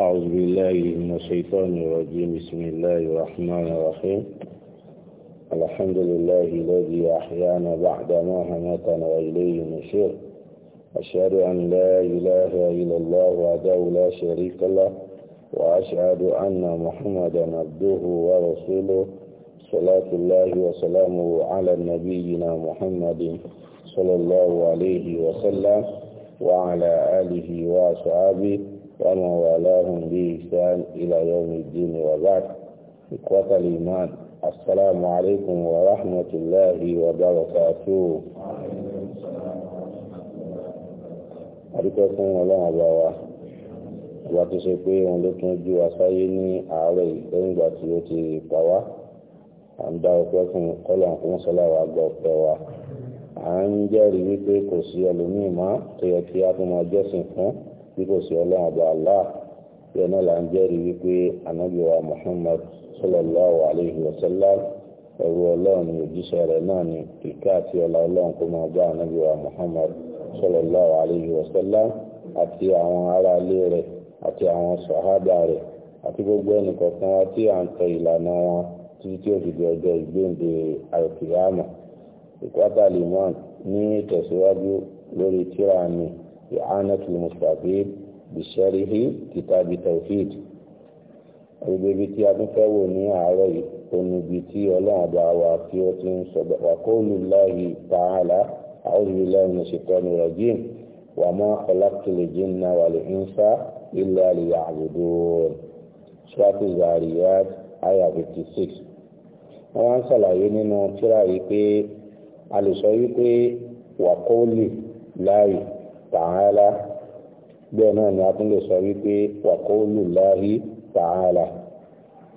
أعوذ بالله من الشيطان الرجيم بسم الله الرحمن الرحيم الحمد لله الذي أحيانا بعدما همتنا وإليه نشير أشهد أن لا إله إلا الله وحده لا شريك له وأشهد أن محمدا عبده ورسوله صلاة الله وسلامه على نبينا محمد صلى الله عليه وسلم وعلى آله وصحابه ومن والاهم بإحسان إلى يوم الدين وبعد إخوة الإيمان السلام عليكم ورحمة الله وبركاته àdúpẹ́ fún ọlọ́run ọba wa ọba tó ṣe pé òun ló tún jú wa sáyé ní àárọ̀ lẹ́yìn tí ó ti pa wá à ń dá ọpẹ́ fún kọ́lọ̀n fún sọ́lá gba ọpẹ́ wa à ń jẹ́rìí wípé kò sí ẹlòmíì mọ́ tó yẹ kí a tún máa jọ́sìn fún bí kò sí ọlọ́run ọba Allah yẹn náà là ń jẹ́rìí wípé anábìwa Muhammad sallallahu alayhi wa sallam ẹ̀rù ọlọ́run ní òjíṣẹ́ rẹ̀ náà ni ìka àti ọlá ọlọ́run kó máa bá anábìwa Muhammad sallallahu alayhi wa sallam àti àwọn ará ilé rẹ̀ àti àwọn sàhábà rẹ̀ àti gbogbo ẹnìkọ̀ọ̀kan wa tí à ń tọ ìlànà wọn títí tí ó fi di ọjọ́ ìgbéǹde àìkìyàmọ̀ ìpátá limon ní ìtẹ̀síwájú lórí tíra mi إعانة المستفيد بشرح كتاب التوحيد agbègbè tí a tún fẹ́ wò ní àárọ̀ yìí ó ní ibi tí ọlọ́run bá wa tí ó ti ń sọ wa qawlullahi ta'ala a'udhu billahi minash shaitanir rajim wa ma khalaqtul jinna wal insa illa liya'budun suratu zariyat aya 56. wọ́n wá ń ṣàlàyé nínú tírà yìí pé a lè sọ wípé wa qawlullahi tààlà bẹ́ẹ̀ náà ni a tún lè sọ wípé wàkóòlù láhí tààlà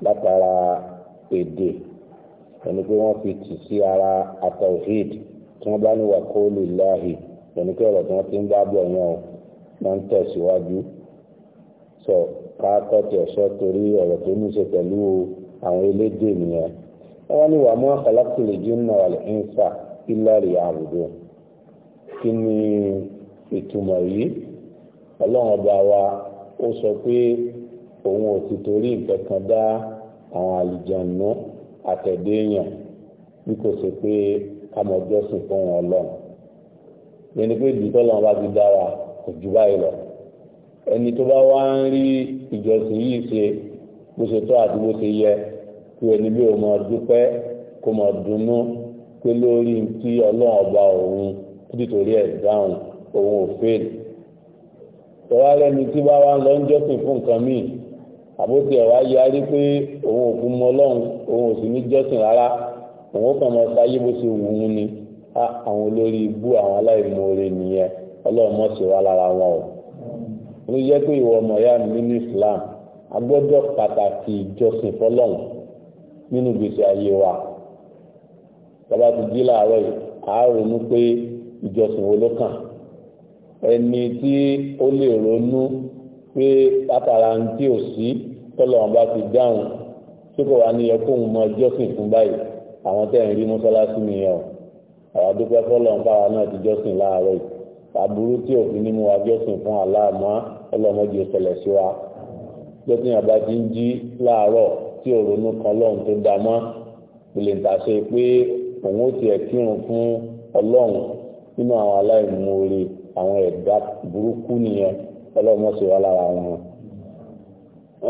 látara èdè ẹni pé wọ́n fi tì sí ara atawhid tí wọ́n bá ní wàkóòlù láhí ẹni pé ọ̀rọ̀ tí wọ́n ti ń bá bọ̀ yẹn o wọ́n ń tẹ̀síwájú sọ káàkọ́ tí ọ̀ṣọ́ torí ọ̀rọ̀ tó ní ṣe pẹ̀lú àwọn elédè nìyẹn wọ́n ní wà mọ́ khalaqtul jinna wal insa illa liya'budun kí ni ìtumọ̀ yìí ọlọ́run ọba wa ó sọ pé òun ò ti torí nǹkan kan dá àwọn àlìjànú àtẹ̀dé èèyàn bí kò ṣe pé ká mọ jọ́sìn fún wọn ọlọ́run yẹni pé ìdìtọ́ lọ́wọ́ bá ti dára kò jù báyìí lọ ẹni tó bá wá ń rí ìjọsìn yìí ṣe bó ṣe tọ́ àti bó ṣe yẹ kí ẹni bí òun máa dúpẹ́ kó máa dunnú pé lórí tí ọlọ́run ọba òun títí torí ẹ̀ dáhùn òun ò fail tọ́wá lẹ́ni tí bá wá ń lọ ń jọ́sìn fún nǹkan míì àbótí ẹ̀wá yarí pé òun ò fún mọ ọlọ́run òun ò sì ní jọ́sìn rárá òun ó kàn mọ sáyé bó ṣe wù ú ni àwọn olórí ibú àwọn aláìmoore nìyẹn ọlọ́run mọ̀ sí wa lára wọn o ló jẹ́ pé ìwọ ọmọ ya mi ní Islam a gbọ́dọ̀ pàtàkì ìjọsìn fọlọ́run nínú ìgbésí ayé wa bàbá ti jí láàárọ̀ yìí àárò ní pé ìjọsìn wo ló kàn ẹni tí ó lè ronú pé látara ń tí ò sí tọ́lọ́wọ́n bá ti dáhùn tí kò wá níyẹ kóun mọ jọ́sìn fún báyìí àwọn tẹ́ ń rí mọ́sálásí nìyẹn àwọn adúpẹ́ fọ́lọ́wọ́n báwa náà ti jọ́sìn láàárọ̀ yìí àbúrú tí òfin ní mú wa jọ́sìn fún aláàmọ́ ọlọ́mọdé ṣẹlẹ̀ sí wa jọ́sìn àbá ti ń jí láàárọ̀ tí ò ronú kan lọ́hùn tó dá mọ́ ìlè pé òun ó tiẹ̀ kírun fún ọlọ́run nínú àwọn aláìmoore àwọn ẹ̀dá burúkú nìyẹn ọlọ́mọ sì wá lára wọn.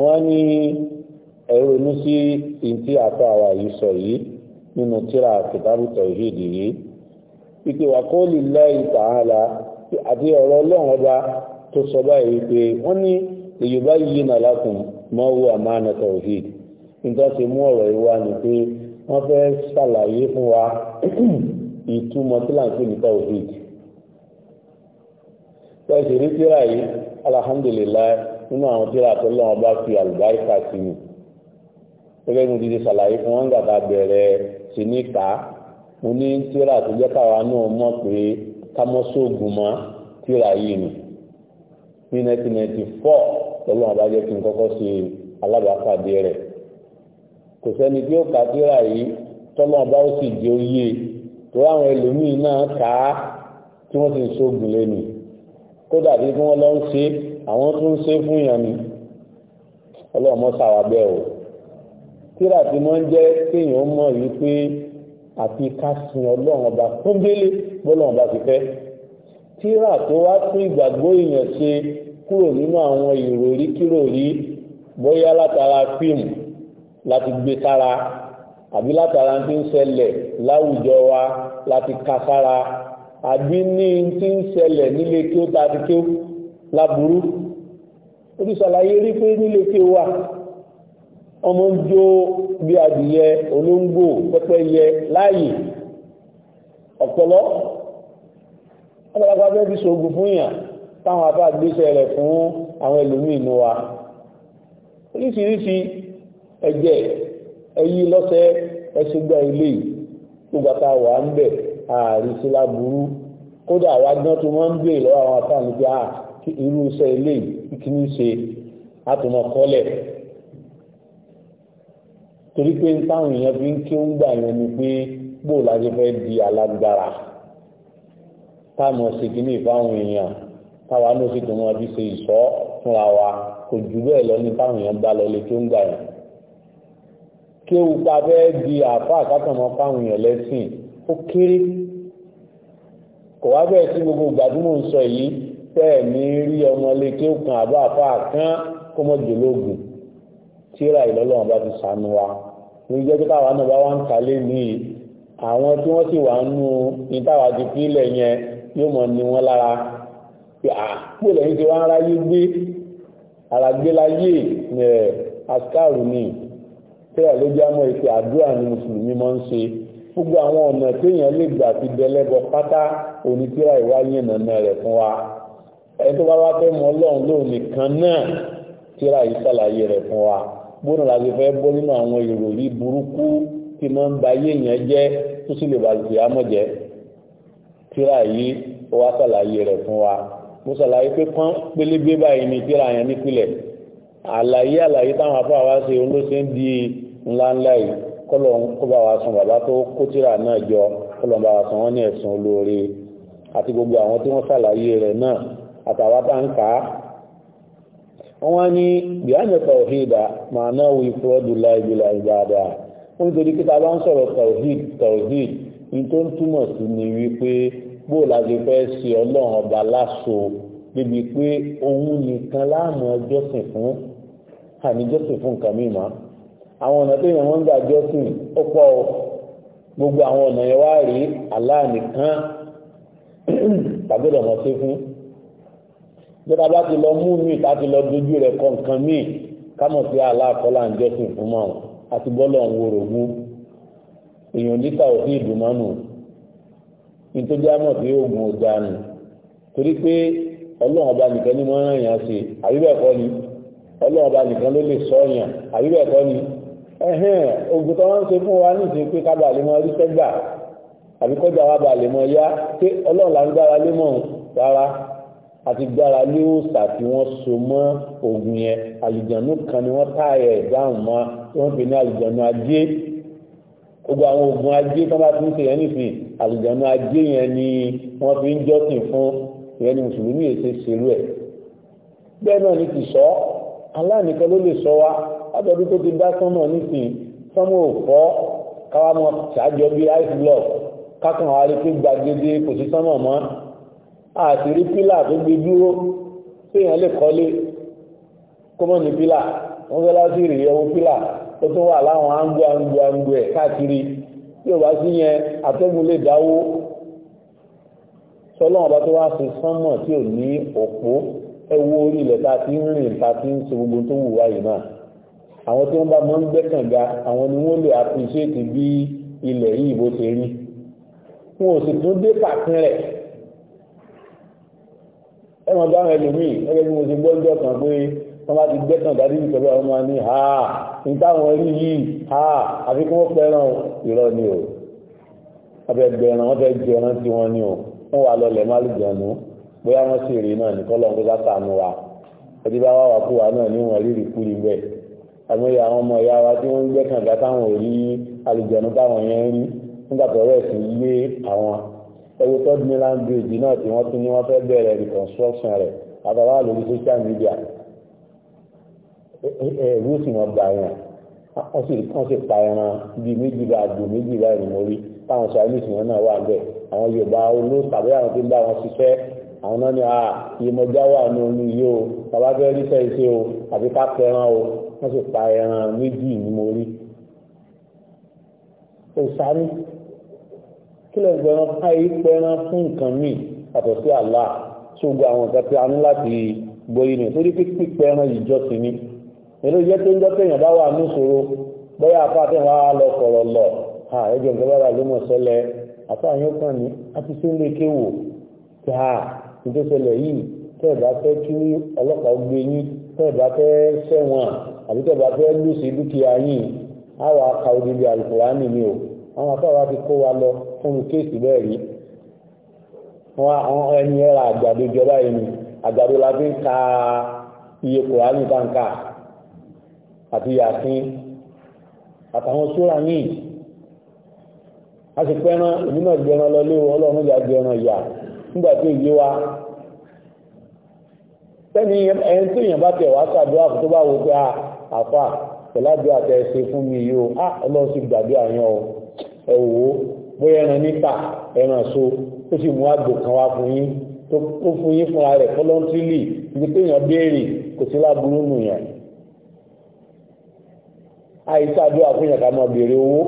wọ́n ní ẹ̀rọ inú sí ìntí àtọ àwa yìí sọ yìí nínú tíra kìtàbù tawhid yìí ìpè wà kó lè lẹ́yìn ta'ala àti ọ̀rọ̀ ọlọ́run ọba tó sọ báyìí pé wọ́n ní èyí bá yí nà lákùn mọ́ owó àmàna tawhid nígbà tí mú ọ̀rọ̀ yìí wá ni pé wọ́n fẹ́ ṣàlàyé fún wa ìtumọ̀ tí là ń pè ní tawhid tẹ́sí rí tíra yìí alhamdulilayi nínú àwọn tíra tó lọ́wọ́ bá fi àlùbáríkà sí mi gẹ́gẹ́ bí mo ti ṣe ṣàlàyé fún wọn gbàgbà bẹ̀rẹ̀ sí ní ká mo ní tíra tó jẹ́ káwa náà mọ̀ pé kámọ́sóògùn mọ́ tíra yìí ni ní 1994 lọ́lọ́wọ́ bá jẹ́ kí n kọ́kọ́ ṣe alábàápàdé rẹ̀ kò sẹ́ni tí ó ka tíra yìí tọ́lọ́wọ́ bá ó sì jẹ́ oyè tó àwọn ẹlòmíín náà ká tí wọ́n ti ń sóògùn lẹ́nu kó dàbí kí wọ́n lọ ń ṣe àwọn tó ń ṣe fún yàn ni ọlọ́mọ sàwàbẹ́ o tíra tí wọ́n jẹ́ kéèyàn mọ̀ wípé àti ká sin ọlọ́run ọba kúndélé bọ́lọ́run ọba ti fẹ́ tíra tó wá tún ìgbàgbọ́ èèyàn ṣe kúrò nínú àwọn ìròrí kíròrí bóyá látara fíìmù láti gbé sára àbí látara tí ń ṣẹlẹ̀ láwùjọ wa láti ká sára àbí ní tí ń ṣẹlẹ̀ nílé kí ó tàbí kí ó láburú oríṣàlàyé rí pé nílé kí ó wà ọmọ ń jó bí adìyẹ olóńgbò pẹ́pẹ́yẹ láàyè ọ̀pọ̀lọ́ ọlọ́pàá fẹ́ fi ṣoògùn fún yàn táwọn afá gbéṣẹ́ rẹ̀ fún àwọn ẹlòmíì inú wa oríṣiríṣi ẹ̀jẹ̀ ẹ̀yí lọ́sẹ̀ ẹ̀ṣùgbà ilé ìgbàta wà ń bẹ̀ àrísí láburú kódà àwa gan tó máa ń gbé lọ́wọ́ àwọn afáàní pé à irú iṣẹ́ ilé kí ní ṣe àtùmọ̀ kọ́lẹ̀ torí pé táwọn èèyàn fi ń kí ń gbà yẹn ni pé bó láti fẹ́ di alágbára táwọn ṣèkínní fáwọn èèyàn táwa náà sì tún wọn fi ṣe ìṣọ́ fúnra wa kò jù bẹ́ẹ̀ lọ ní táwọn èèyàn bá lọ lè tó ń gbà yẹn kéwu pa fẹ́ di àáfàá kátàmọ́ fáwọn èèyàn lẹ́sìn ó kéré kò wá bẹ́ẹ̀ sí gbogbo ìgbàdúmọ̀ ń sọ yìí tẹ́ẹ̀ ní rí ọmọ ilé tí ó kan àbá àfa kan kó mọ́ jòlógùn tíra ìlọ́lọ́run bá ti sànú wa ní jẹ́ pé káwa náà bá wá ń kalé ní àwọn tí wọ́n sì wà ń nu ní táwa ti pínlẹ̀ yẹn yóò mọ̀ ní wọn lára pé àpò lẹ́yìn tí wọ́n ráyé gbé àràgbélayé ẹ̀ àṣkárù ni tíra ló jẹ́ àmọ́ ìpè àdúrà ni mùsùlùmí máa ń ṣe gbogbo àwọn ọ̀nà téèyàn lè gbà ti dẹlẹ́bọ pátá onítìrà ìwáyé ìnànà rẹ̀ fún wa ẹni tó bá wá fẹ́ mọ ọlọ́run lóun nìkan náà tíra yìí ṣàlàyé rẹ̀ fún wa gbóná láti fẹ́ bọ́ nínú àwọn ìròrí burúkú tí máa ń ba ayé èèyàn jẹ́ tó sì lè bàjẹ́ àmọ̀jẹ́ tíra yìí ó wá ṣàlàyé rẹ̀ fún wa mo ṣàlàyé pé pọ́n pélébé báyìí ni tíra yẹn nípìnlẹ̀ àlàyé àlàyé táwọn afọ àwa ṣe olóṣèǹdì ńláńlá yìí kọ́lọ̀ kó bá wa san bàbá tó kó tíra náà jọ kọ́lọ̀ bá wa san wọ́n ní ẹ̀sùn olóore àti gbogbo àwọn tí wọ́n ṣàlàyé rẹ̀ náà àtàwà tá ń kà á wọ́n wá ní bíánà tàwíìdà máa náà wí fúrọ́dù láìbílà ìgbàdà wọ́n nítorí kí ta bá ń sọ̀rọ̀ tàwíìd tàwíìd ní tó ń túmọ̀ sí ni wípé bó láti fẹ́ ṣe ọlọ́run ọba láṣọ débi pé òun nìkan láàmú ọjọ́sìn fún àníjọ́sìn fún nǹkan mímọ́ àwọn ọ̀nà tó yàn wọ́n ń gbà jọ́sìn ó pọ̀ o gbogbo àwọn ọ̀nà yẹn wá rí Allah nìkan tàbí lọ́mọ sí fún jọba bá ti lọ mú mi ká ti lọ dojú rẹ̀ kọ nǹkan míì kámọ̀ sí Allah kọ́lá ń jọ́sìn fún mọ́ àti bọ́lọ̀ ń wo rògún èèyàn níta ò sí ìdùnmọ́nù nítorí àmọ̀ tí oògùn ò dànù torí pé ọlọ́run ọba nìkan ní mọ́ ràn yàn ṣe àbí kọ́ ni ọlọ́run ọba nìkan ló lè sọ yàn àbí kọ́ ni ẹ̀hẹ́n ogun tó wọ́n ń ṣe fún wa ní ìsìn pé kábà lè mọ rí sẹ́gbà àbí kọjá wa bà lè mọ yá pé ọlọ́run là ń gbára lé mọ̀ rárá àti gbára lé òòsà tí wọ́n so mọ́ ogun yẹn àlùjànnú kan ni wọ́n táyà ẹ̀ dáhùn mọ́ tí wọ́n pè ní àlùjànnú ajé gbogbo àwọn ogun ajé tó bá tún ṣe yẹn nìsín àlùjànnú ajé yẹn ni wọ́n fi ń jọ́sìn fún ìyẹn ni mùsùlùmí èsè ṣerú ẹ̀ bẹ́ẹ̀ náà ni ti sọ aláìníkan ló lè sọ látọ̀dún tó ti dá sánmà nísìnyí sánmà ò fọ́ káwá mọ ṣáájọ bíi ice block kákan wá rí pé gbàgede kò sí sánmà mọ́ àti rí pílà tó gbé dúró téèyàn lè kọ́lé kó mọ́ ní pílà wọ́n fẹ́ láti rí ẹwọ pílà ó tún wà láwọn áńgbó áńgbó áńgbó ẹ̀ káàkiri tí ò bá sí yẹn àtẹ́gùn lè dáwó sọlọ́wọ́n bá tó wá sí sánmà tí ò ní òpó ẹ wo orí ilẹ̀ ta ti ń rìn ta ti ń ṣe gbogbo tó wù wáyé náà àwọn tí wọ́n bá mọ́ ń gbẹ́ kànga àwọn ni wọ́n lè àpìṣẹ́ẹ̀tì bí ilẹ̀ yìí bó ṣe rí wọn ò sì tún dé pàtín rẹ̀ ẹ̀wọ̀n bá àwọn ẹlòmíì ẹgbẹ́ bí mo ti gbọ́ ń jọ̀kan pé wọ́n bá ti gbẹ́ kànga nínú ìtọ́jú àwọn máa ní ha ní táwọn rí yìí ha àfi kí wọ́n pẹ́ràn irọ́ ni o wọ́n fẹ́ gbẹ̀ràn wọ́n fẹ́ jẹran tí wọ́n ní o wọ́n wà lọlẹ̀ má lè jẹun bóyá wọ́n sì rí náà ní kọ́lọ́ ń gbé àmúyẹ àwọn ọmọ ìyá wa tí wọ́n ń gbẹ́ kànga táwọn ò rí alùjẹ̀nu táwọn yẹn ń rí nígbà tó rẹ̀ sí lé àwọn ẹwọ́ third mainland bridge náà tí wọ́n tún ní wọ́n fẹ́ bẹ̀rẹ̀ reconstruction rẹ̀ àtàwọn àlòrí social media ẹ̀rú sì wọ́n gba ẹran wọ́n sì pa ẹran bí méjì bá àgbò méjì bá ìrìnmórí táwọn sọ àìlùsìn náà wà bẹ́ẹ̀ àwọn Yorùbá olóòtú tàbí àwọn tó ń bá wọn ṣiṣẹ́ àwọn náà ni a ìmọ̀já wà ní oyún yìí o bàbá fẹ́ rí fẹ́ iṣẹ́ o àbí ká pẹran o wọ́n sì pa ẹran méjì ní mo rí òsáré kí lè gbẹran káyé pẹran fún nǹkan míì yàtọ̀ sí Allah ṣógbó àwọn nǹkan tí a ní láti gbóyè ní torí pípẹ́ ẹran ìjọsìn ni èlò jẹ́ tó ń jọ́ pẹ̀yàn bá wà ní ìṣòro bóyá apá àtẹ̀wá lọ sọ̀rọ̀ lọ ẹjọ́ nǹkan bá wà ló mọ̀ sẹ́lẹ̀ àtàwọn yóò kàn ní a ti ṣe kéwò ìtòsẹlẹ̀ yìí tẹ́ẹ̀bá fẹ́ kí ọlọ́pàá gbé yín tẹ́ẹ̀bá fẹ́ sẹ́wọ̀n àbí tẹ́ẹ̀bá fẹ́ lùsì dúkìá yín àwọn aka odidi alukurani ni o àwọn afáwa ti kó wa lọ fún kéèsì bẹ́ẹ̀ rí wọn ẹni ẹ̀rọ àgbàdo ìjọba yìí ni àgbàdo la fi ń ka iye kurani táǹkà àti yàtí àtàwọn sóra míì a sì pẹ́ran èmi náà gbẹran lọ lé ọlọ́run ìyá gbẹran ìyá nígbà tí èyí wa sẹ́ni ẹni tí èèyàn bá tẹ̀ wá sàdúrà tó bá wo pé a àfà pẹ̀ládùá tẹ̀ ṣe fún mi yìí o a ọlọ́run sì gbàdúrà yẹn o ẹ wò ó bóyá ẹran níta ẹran so ó sì mú àgbò kan wá fún yín tó fún yín fúnra rẹ̀ fọlọ́ntìlì ibi téèyàn béèrè kò sí láburú nù yẹn àìsàdúrà fún yàtọ̀ àmọ́ béèrè owó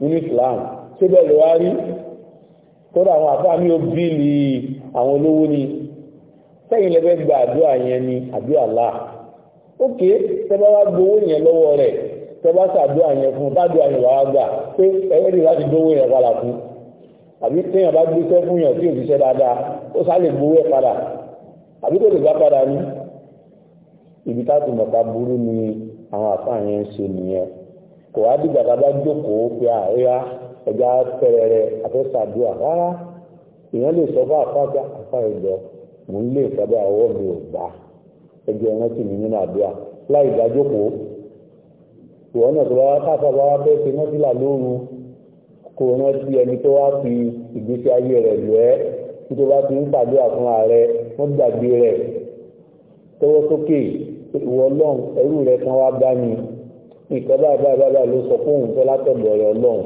nínú Islam síbẹ̀ lè wá rí kódà àwọn àbá mi ò bíìlì àwọn olówó ni sẹ́yìn lẹ́fẹ́ gba àdúrà yẹn ni àbí àlá ókè tẹ́bá wá gbowó yẹn lọ́wọ́ rẹ̀ tẹ́bá sàdúrà yẹn fún bádùá yẹn wàá gbà pé ẹ̀rẹ́ rí láti gbowó yẹn padà fún àbí téèyàn bá gbéṣẹ́ fún yàn tí òṣìṣẹ́ dáadáa ó sálè gbowó ẹ̀ padà àbí kò lè gbá padà ní ibi táàtù mọ̀ta burú ni àwọn àfáà yẹn ń ṣe nìyẹn kò wá dìgbà tá a bá jókòó pé àríyá ẹ̀já fẹ̀rẹ̀ rẹ̀ àfẹ́sàdúrà rárá èèyàn lè sọ bá àfáàgbà àfáàgbà mò ń lè sábẹ́ àwọ̀ mi ò gbà ẹgbẹ́ rántí mi nínú àdúrà láì dájókòó ìwọ náà tó bá káfà bá wá fẹ́ ṣe nọ́tìlà lóru kò rántí ẹni tó wá fi ìgbésí ayé rẹ̀ lù ẹ́ tó bá ti ń pàdúrà fún ààrẹ wọ́n gbàgbé rẹ̀ tọwọ́ sókè ìwọ ọlọ́run ẹrú rẹ̀ kan wá bá mi ìkọ́ báyìí báyìí ló sọ fóun tó látọ̀dọ̀ rẹ̀ ọlọ́run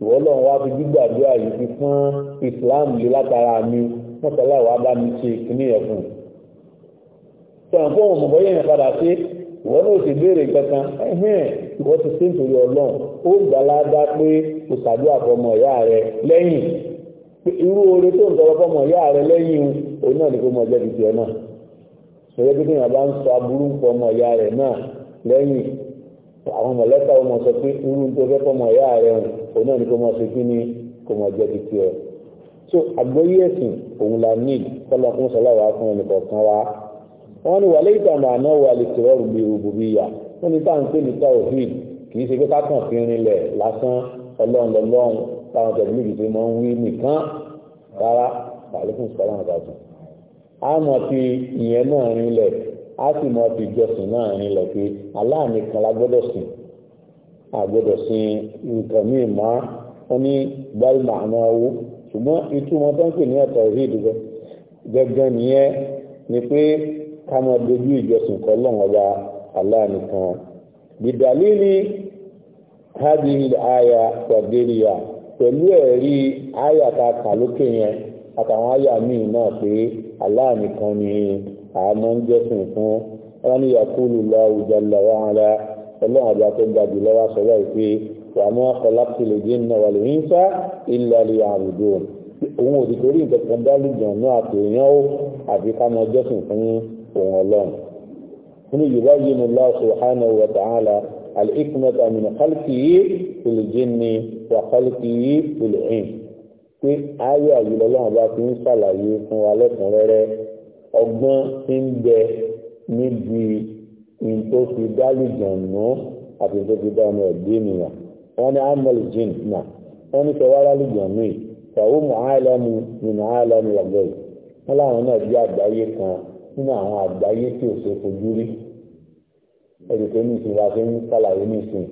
ìwọ́lọ́run nwa fi gbígbàdúrà yìí fi fún Islam lè látara mi wọ́n ìwà bá mi ṣe kíní ẹ̀kùn tẹ̀wọ̀n fún ọmọ mọ̀gọ́ yẹn padà sí ìwọ́n náà sì béèrè kankan ẹ̀hìn ìwọ́n ti sí nítorí ọlọ́run ó pé kò fọmọ ìyá rẹ lẹ́yìn irú oore tó tọrọ fọmọ rẹ lẹ́yìn náà ni náà bá ń aburú fọmọ rẹ náà lẹ́yìn àwọn mọ̀lẹ́ta ọmọ sọ pé irú tó fẹ́ kọ́ mọ̀ ẹ̀yà rẹ̀ òun náà ni kò mọ̀ ṣe kí ni kò mọ̀ jẹ́ ti tiẹ̀. so àgbóyé ẹ̀sìn òun la ní kọ́lọ́ fún sọláwà fún ẹnìkọ̀ọ̀kan wa. wọ́n ní wàlẹ́ ìtàmà náà wà lè tẹ̀rọ rúbi rúbu bí ya wọ́n ní táwọn pé níta òfin kì í ṣe pé kákan fi rinlẹ̀ lásán ọlọ́run lọ́lọ́run táwọn tẹ̀lé ìdíje máa ń wí nìkan rárá tàbí fún sọláwà a sì mọ fi jọsìn náà rinlẹ̀ pé aláàánú kan la sìn a sìn nǹkan míì mọ́ wọn ní báyìí màánà owó ṣùgbọ́n tó ń pè ní ẹ̀tọ́ nìyẹn ni pé ká máa dojú ìjọsìn lọ́wọ́ba aláàánú kan bìdàlílì hádìí àyà pẹ̀lú kan ni. àmọ́ ń jẹ́sìn fún wọn ni yakulu Allahu jalla wa ala ọlọ́run àgbà tó ga jù lọ́wọ́ sọ báyìí pé wa ma khalaqtul jinna wal insa illa liya'budun òun ò sì torí nǹkan kan dálù jàǹdà àti èèyàn ó àfi ká mọ jẹ́sìn fún òun ọlọ́run. nínú yorùbá yìí ni Allah subhanahu wa ta'ala al-hikmata min khalqihi fil jinni wa khalqihi fil insi pé ayé àyè lọ́lọ́run bá fi ń ṣàlàyé fún wa lẹ́kùnrẹ́rẹ́ ọgbọ́n tí ń bẹ níbi ìtò fi dálìjànú àti ìtò fi dáná ẹ̀gbẹ́ ènìyàn wọ́n ní amọ̀lì jìn náà wọ́n ní sọ wáyé alìjànú yìí tàwọn mọ̀ áìlẹ́mù nínú áìlẹ́mù ọ̀gbẹ́ yìí wọ́n láwọn náà jẹ́ àgbáyé kan nínú àwọn àgbáyé tí ò ṣe fojú rí ẹ̀rì pé ní ìsinmi wa ń sàlàyé ní ìsìn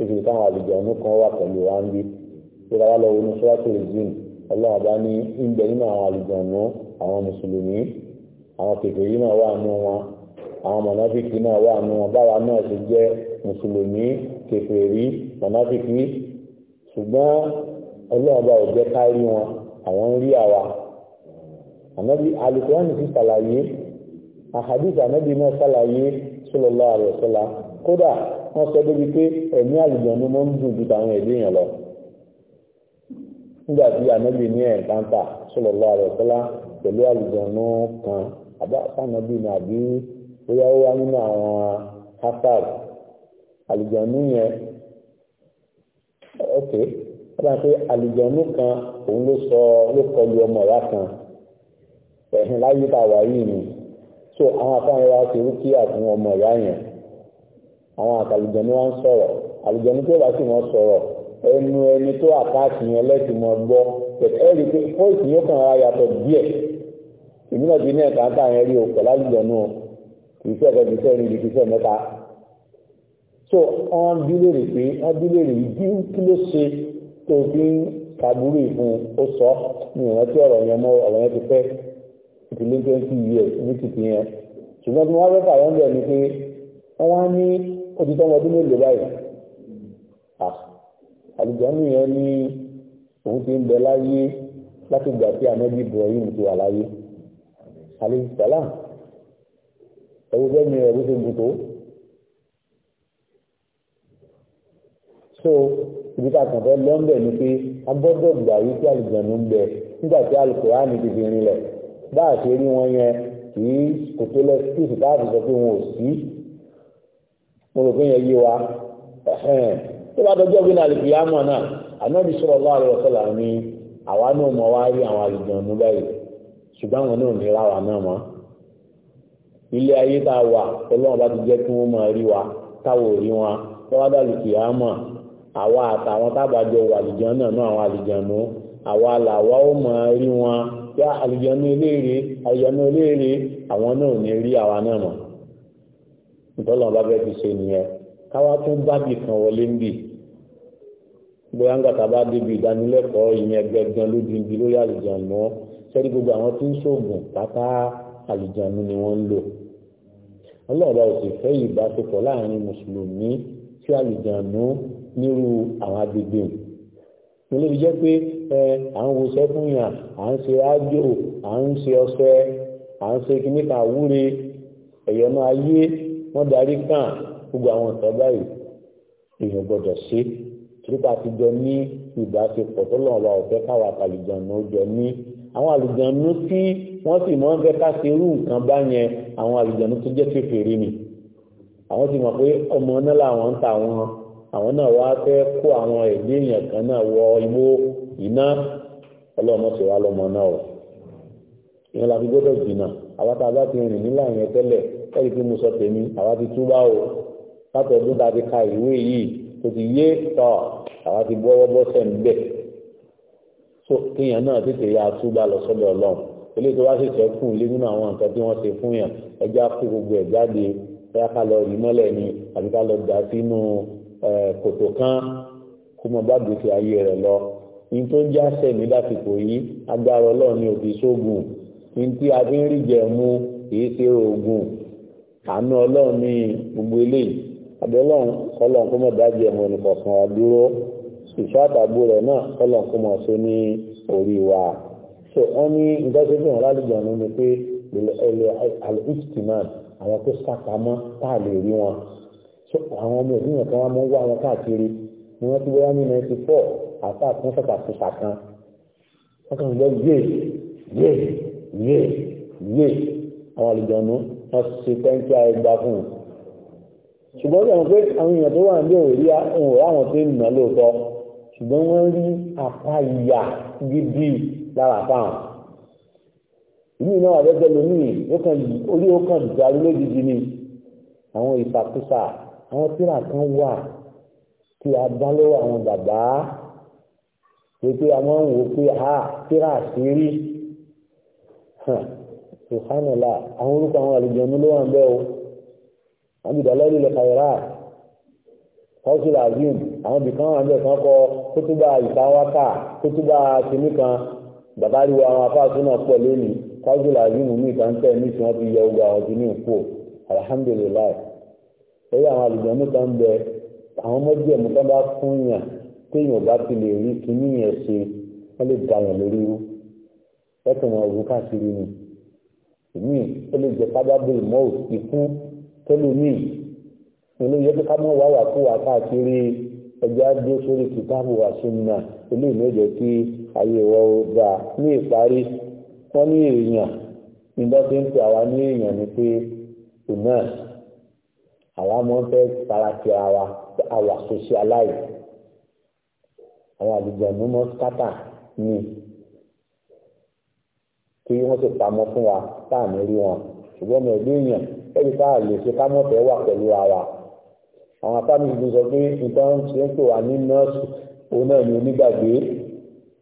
ìsìn táwọn àlùjànnú kan wà pẹ̀lú wa tí wọ́n lọ wọnú sọ́wọ́sì ọlọ́run bá ní ń bẹ nínú àwọn àlùjànnú àwọn mùsùlùmí àwọn kèfèrí náà wà nù wọn àwọn mọ̀nàfíkì náà wà nù wọn báwa náà ṣe jẹ́ mùsùlùmí kèfèrí mọ̀nàfíkì ṣùgbọ́n ọlọ́ọ̀bá ò jẹ́ ká rí wọn àwọn ń rí àwa ànábì alukóhánì ti ṣàlàyé àhàdìsì ànábì náà ṣàlàyé sallallahu alaihi wasallam kódà wọ́n sọ débi pé ẹ̀mí àlùjọ̀nú mọ́ ń dùn ju tàwọn ẹ̀dẹ́ èèyàn lọ nígbà tí ànábì ní ẹ̀ńkáńtà sallallahu alaihi wasallam pẹ̀lú àlùjọ̀nú kan àbá sànàbí ni àbí bóyá ó wá nínú àwọn hasard àlùjọ̀nú yẹn ok ó pé àlùjọ̀nú kan òun ló sọ ló kọlu ọmọ ìyá kan ẹ̀hìn láyé tá a wà yìí ni so àwọn afáàrin wa ti rúkìá fún ọmọ ìyá yẹn àwọn àtàlùjọ̀nú wa ń sọ̀rọ̀ àlùjọ̀nú tó bá sì wọ́n sọ̀rọ̀ ẹnu ẹni tó àkáàtì yẹn lẹ́sìn mọ́ gbọ́ ẹ̀rí pé fọ́ọ̀sì yóò kàn ra yàtọ̀ díẹ̀ èmi náà ti ní ẹ̀ka tá à ń rí òpè lálùjọ nù o kì í sẹ́ẹ̀kẹ́ kì í sẹ́ẹ̀ níbi kì í sẹ́ẹ̀ mẹ́ta so wọ́n bí léèrè pé wọ́n bí léèrè ìdí kí ló ṣe tó fi ń kàbúrú ìfún ó sọ ní ìrántí ọ̀rọ̀ yẹn mọ́ ọ̀rọ̀ yẹn ti pẹ́ ìdílé twenty years ní tìtì yẹn ṣùgbọ́n tí wọ́n fẹ́ fà wọ́n bẹ̀ ni pé wọ́n wá ní òtítọ́ ọmọdún mélòó báyìí àlùjọ́nù yẹn ní òun ti ń bẹ láyé láti gbà tí àmọ́bí Ibrahim ti wà láyé alayhi salam ẹ̀wọ́n bẹ́ẹ̀ ni ẹ̀rú ṣe gbùtò. so ibi tá a kàn fẹ́ lọ́ńbẹ̀ ni pé a gbọ́dọ̀ gbà yí sí àlùjọ̀nù ń bẹ nígbà tí alukóraní ti fi rinlẹ̀ bá a ṣe rí wọn yẹn kì í kò tó lọ sí ìsìnká àti sọ pé wọn ò sí mo rò pé yẹn yé wa tó bá dọjọ́ bí náà àlùkìyámọ̀ náà ànábì sallallahu alaihi wasallam ni àwa náà mọ̀ wá rí àwọn àlùjọ̀nù báyìí ṣùgbọ́n àwọn náà ní ráwa náà mọ́ ilé ayé tá a wà ọlọ́run bá ti jẹ́ kí wọ́n máa rí wa táwọn ò rí wọn tọ́wá dàlù kì á mọ̀ àwa àtàwọn tábàjọ wà àlùjọ náà náà àwọn àlùjọ̀nú àwa làwa ó máa rí wọn yá àlùjọ̀nú eléèrè àlùjọ̀nú eléèrè àwọn náà ò ní rí àwa náà mọ̀ ìtọ́lọ́run bá fẹ́ fi ṣe nìyẹn káwá tún bá bì kan wọlé ń bì bóyá ńgbà tá a bá débi ìdánilẹ́kọ̀ọ́ ìyẹn gẹ́gẹ́ lójú ibi lórí àlùjànnú sẹ́rí gbogbo àwọn tí ń ṣoògùn pátá àlùjànnú ni wọ́n ń lò ọlọ́ọ̀bá ò sì fẹ́ ìbáṣepọ̀ láàrin mùsùlùmí sí àlùjànnú nírú àwọn agbègbè mo lóbi jẹ́ pé ẹ à ń wo sẹ́fún yàn à ń ṣe ájò à ń ṣe ọṣẹ à ń ṣe kíníkà wúre ẹ̀yọ́nú ayé wọ́n darí kàn gbogbo àwọn ìtọ́ tìrúkà ti jọ ní ìbáṣepọ̀ tó lọ́wọ́ wa ọ̀fẹ́ káwa àlùjọ̀nù jọ ní àwọn àlùjọ̀nù tí wọ́n sì mọ́ ń fẹ́ ká ṣe irú nǹkan bá yẹn àwọn àlùjọ̀nù tó jẹ́ kékeré ni àwọn ti mọ̀ pé ọmọ náà làwọn ń ta wọn àwọn náà wá fẹ́ kó àwọn ẹ̀dẹ́ èèyàn kan náà wọ igbó iná ọlọ́mọ sì wá lọ́mọ náà o ìyẹn la fi gbọ́dọ̀ jìnnà àwa tá a bá ti rìn nílà yẹn tẹ́lẹ̀ ẹ̀rí pé mo sọ tèmi àwa ti túbá o látọ̀dún ta ti ka ìwé yìí tó ti yé tọ́ àwa ti gbọ́wọ́ bọ́sẹ̀ ń bẹ̀ tó kéèyàn náà tètè ya túbà lọ sọ́dọ̀ ọlọ́run eléyìí tó wá sì sẹ́kù lé nínú àwọn nǹkan tí wọ́n ṣe fún yàn ẹja kó gbogbo ẹ̀ jáde bóyá ká lọ rí mọ́lẹ̀ ni àbí ká lọ dà sínú kòtò kan kó mọ bá gbèsè ayé rẹ̀ lọ ní tó ń jáṣẹ́ mi lásìkò yìí agbára ọlọ́run ni òbí sóògùn ní tí a fi ń rí jẹ̀mú kì í ṣe oògùn àánú ọlọ́run ní gbogbo eléyìí àbẹ́lọ́run kọ́lọ́n kó mọ̀ dájú ẹ̀mọ́ nìkọ̀kan wa dúró ìṣàtàbù rẹ̀ náà kọ́lọ́n kó ní orí wa so wọ́n ní ìdásójú wọn lálùjọ ní ni pé ilẹ̀ alìsìtìmáà àwọn tó sàpamọ́ táà lè rí wọn so àwọn ọmọ ìlú nìkan wọn mọ wá wọn káàkiri ni wọ́n ti wọ́n ní ninety four àtà tó ń sàkàtúnṣà kan wọ́n kàn lọ yé yé yé yé àwọn àlùjọ ní wọ́n ti ṣe pẹ́ńtì àìgbà fún un ṣùgbọ́n sọ̀rọ̀ pé àwọn èèyàn tó wà ní òrí àwọn àwọn tó ń nà lóòótọ́ ṣùgbọ́n wọ́n rí apá ìyà gidi lára fáwọn ìlú náà àgbẹ̀gbẹ̀ lónìí orí ó kàn dàrú lójijì ni àwọn ìfàkúsà àwọn tíra kan wà tí a bá lọ́wọ́ àwọn bàbá pé a máa ń wò pé a tíra àṣírí ṣùgbọ́n àwọn olùkọ́ àwọn àlejò ọmọ ló wà ń bẹ́ o wọ́n ti dọ̀lẹ́ lílẹ̀ kàyẹ̀rà hustle azim àwọn ibìkan wà níbẹ̀ kan kọ kótóbà ìtawákà kótóbà kìnnì kan bàbá rí àwọn afáàtú náà pọ̀ lónìí hustle azim ní ìtàn tẹ̀ ní tí wọ́n fi yẹ ogun àwọn ọdún ní ìkó alhamdulilayi ẹ̀yà àwọn àlùjọ́nù kan bẹ àwọn mọ́jú ẹ̀mú kan bá fún yàn téèyàn bá ti lè rí kinní yẹn ṣe wọ́n lè da yàn lórí irú ẹ̀kùn wọn òwú káàkiri ni èmi ó lè jẹ kábàbọ̀ ìmọ̀ òkú tẹ́lómìn olóyè pé ká mọ́ wá wà fún wa káàkiri ẹja dé sórí kìtàbù wa sunna olóyè mẹ́jọ kí ayé wa ó dà ní ìparí wọ́n ní èèyàn nígbà tí ń pè àwa ní èèyàn ni pé ònà àwa mọ́ fẹ́ fara ti àwa àwa socialize àwọn àlejò àmì mọ́ scatter ni kí wọ́n sì pamọ́ fún wa táàmì rí wọn ṣùgbọ́n mi ò gbé èèyàn ẹni tá a lè ṣe ká mọ̀fẹ́ wà pẹ̀lú ara àwọn fámìlì ló sọ pé nǹkan ṣe ń pè wá ní nọ́ọ̀sì òun náà ni onígbàgbé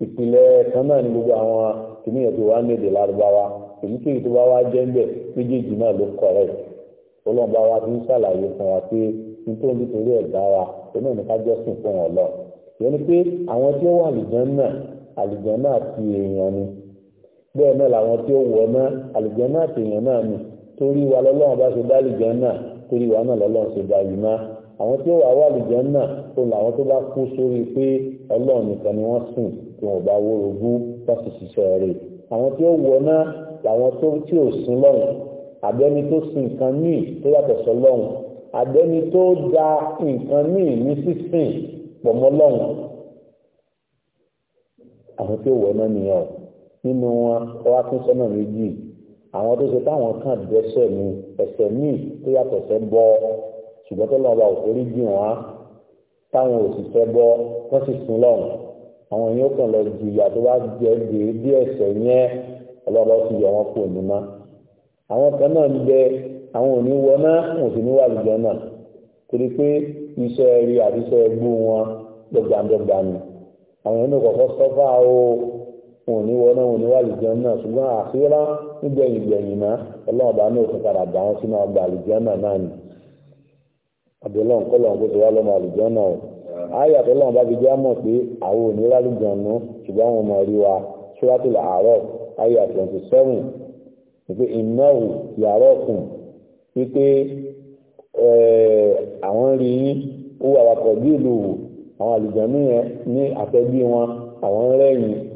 ìpìlẹ̀ kan náà ni gbogbo àwọn kìnìyàn tó wá ní èdè lárúbáwá èyíkéyìí tó bá wá jẹ́ ń bẹ̀ méjèèjì náà ló kọ̀rẹ́ ọlọ́mọba wa fi ń ṣàlàyé fún wa pé nítorí nítorí ẹ̀dá wa òun náà ní ká jọ́sìn fún wọn lọ ìyẹn ni pé àwọn tí ó wà àlùjànnà àlùjànnà àti èèyàn ni bẹ́ẹ̀ náà làwọn tí ó wọ̀ náà àlùjànnà àti èèyàn náà ni torí wa lọ́lọ́run bá ṣe dá àlùjánnà torí wa náà lọ́lọ́run ṣe dá ìmá àwọn tí ó wà wà àlùjánnà ó làwọn tó bá kú sórí pé ọlọ́run nìkan ni wọ́n sùn tí wọn bá wó ogún tọ́sí ṣiṣẹ́ rẹ̀ àwọn tí ó wọ náà làwọn tó tí ò sin lọ́run àbẹ́ni tó sin nǹkan míì tó yàtọ̀ sọ lọ́run àbẹ́ni tó da nǹkan míì ní sísìn pọ̀ mọ́ lọ́run àwọn tí ó wọ náà nìyẹn nínú wọn ọwọ́ akínsọ́nà méjì àwọn tó ṣe táwọn kàn dẹ́ṣẹ̀ ní ẹ̀ṣẹ̀ míì tó yàtọ̀ sẹ́ bọ́ ṣùgbọ́n tó lọ́wọ́ òkúrí jì wọ́n táwọn òṣìṣẹ́ bọ́ wọ́n sì sùn lọ́rùn àwọn yóò kàn lọ ju ìyà tó bá jẹ gbèrè bí ẹ̀ṣẹ̀ yẹn ọlọ́rọ̀ sì yọ wọn kò ní mọ́ àwọn kan náà ń bẹ àwọn òní wọ náà wọn sì ní wà lùjọ náà torí pé iṣẹ́ rí àti iṣẹ́ gbó wọn dọ́gbandọ́gba ni àwọn yẹn ní kọ̀ọ̀kan sọ́fà o wọn ò ní wọ náà wọn ò ní wà àlùjẹ́ náà ṣùgbọ́n àṣírá nígbẹ̀yìn gbẹ̀yìn náà ọlọ́ọ̀bá náà ti padà bá wọn sínú ọgbà àlùjẹ́ náà náà ni àbẹ̀lọ́ ńkọ́lọ́ ń kó ti wá lọ́mọ àlùjẹ́ náà o ayé àbẹ̀lọ́ bá ti jẹ́ mọ̀ pé àwọn ò wà àlùjẹ́ náà ṣùgbọ́n àwọn ọmọ rí wa ṣúrátìlà àárọ̀ ayé twenty seven wípé ìnáwó yàrá ọ̀kùn wípé àwọn rí yín ó wà ìlú wò àwọn àlùjẹ́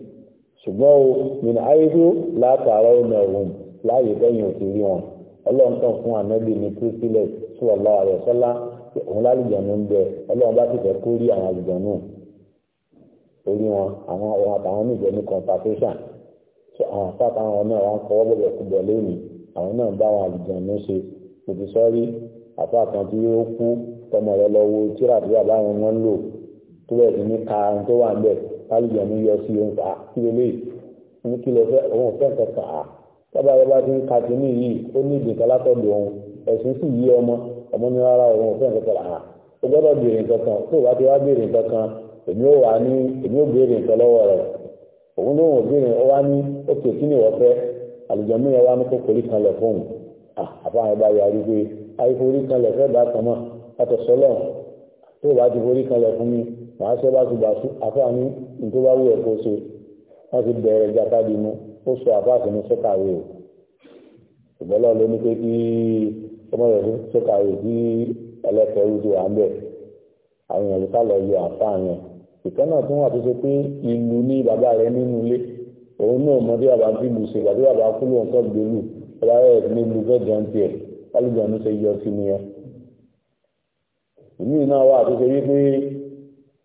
ṣùgbọ́n o mìíràn ayédú látàárọ̀ ọ̀nà òun láàyè bẹ́yìn òsì rí wọn ọlọ́run kan fún ànábì ní kírísílẹ̀ sọ̀lá rẹ̀ sọ́lá òun lálùjọ̀nù ń bẹ ọlọ́run bá ti fẹ́ kó rí àwọn àlùjọ̀nù orí wọn àwọn ohun àtàwọn oníjẹ ní consultation so àwọn àpáta àwọn náà wọn kọ́ bọ̀bọ̀ kúbọ̀ lónìí àwọn náà bá àwọn àlùjọ̀nù ṣe kò ti sọ́rí àpá kan tí ó kú tọmọ rẹ lọ wo tíra tí wọn lò tó bẹ̀ sí ní ka ohun tó wà ń alìyà ní yọ sí ohun ká kí ló lè ní kí lọ fẹ́ òun fẹ́ nǹkan kà sábà yẹ bá ti ń ka kínní yìí ó ní ìdìkà sì yí ọmọ ọmọ ní rárá ó béèrè nǹkan kan tó bá ti wá béèrè nǹkan kan èmi ò wá ní èmi ò béèrè nǹkan òun ló béèrè ó wá ní kí ni yẹn wá ní kó kan tó bá ti forí kalẹ̀ fún mi màá sọ bá ti bàṣú àfáà ní nítorí wá wú ẹ̀ kó ṣe wọ́n ti bẹ̀rẹ̀ jákàdì mu ó sọ àfáà sí ní sọ́kàwé o ṣùgbọ́n lọ́ọ̀ ló ní pé kí ọmọ rẹ̀ sọ́kàwé kí ẹlẹ́kẹ̀ẹ́ rúdú à ń bẹ̀ àwọn èèyàn ló sálọ yọ àfáà yẹn ìkan náà tún wà tó ṣe pé ìlú ní bàbá rẹ̀ nínú ilé òun náà mọ bí bàbá ti lù ṣe bàbá bàbá kúlò nǹkan gbèrú ọlọ́rẹ̀ ní ìlú gẹ́gẹ́ ń tiẹ̀ kálíjà ló ṣe yọ sí nìyẹn ìmí náà wà tó ṣe wípé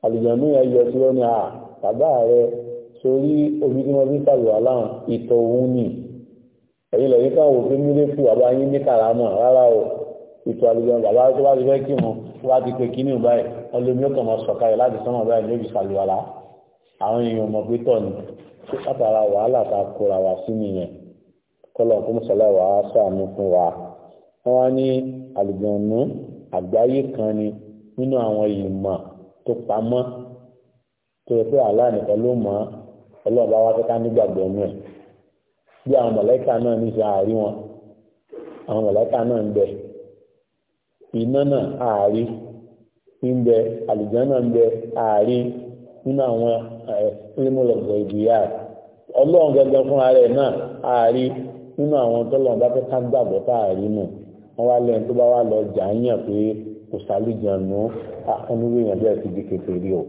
àlùjànnú yẹn yọ sí ọ́nà à bàbá rẹ sórí omi tí wọ́n fi ń sàlùwà láwọn ìtọ̀ òun nì ẹ̀yìn lẹ́yìn káwọn òfin mílé fún bàbá yín ní kàràmọ̀ rárá o ìtọ̀ àlùjànnú bàbá tó bá ti fẹ́ kí wọn wá ti pe kíní báyìí wọn lómi ọkàn máa sọ̀ka rẹ̀ láti sánmà báyìí lóbi sàlùwà lá àwọn èèyàn mọ̀ pé tọ̀ ni látara wàhálà ta kóra wá sí nìyẹn kọ́lọ̀ kó mọ̀sálà wàá sàánú fún wa wọ́n wá ní àlùjànnú àgbáyé kan ni nínú àwọn ìmọ̀ tó pamọ́ tó yẹ pé àlá ló mọ̀ ọlọ́ọ̀bá wa fẹ́ ká nígbàgbọ́ nù ẹ̀ bí àwọn mọ̀lẹ́kà náà ní sọ àárí wọn àwọn mọ̀lẹ́kà náà ń bẹ iná náà àárí ń bẹ àlùjá náà ń bẹ àárí nínú àwọn ìdíyà fúnra rẹ̀ náà àárí nínú àwọn wọ́n wá lẹ́yìn tó bá wá lọ jà ń yàn pé kò sálùjànú onírú èèyàn bẹ́ẹ̀ ti di kékeré o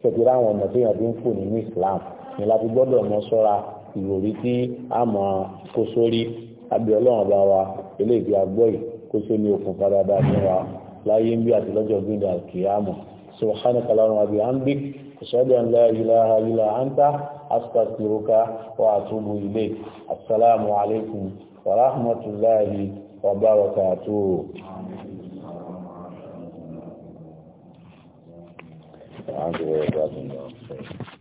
kẹ̀kẹ́ láwọn ọ̀nà tó yàn fi ń fò nínú Islam ni láti gbọ́dọ̀ mọ sọ́ra ìròrí tí a mọ̀ kó sórí abẹ́ ọlọ́run bá wa eléyìí tí a gbọ́ yìí kó sí ní okùnfà dáadáa fún wa láyé ń bí àti lọ́jọ́ gbìndà kìyàmù subhanaka allahumma wa bihamdik ashhadu an la ilaha illa anta astaghfiruka wa وبركاته أعوذ بالله من الشيطان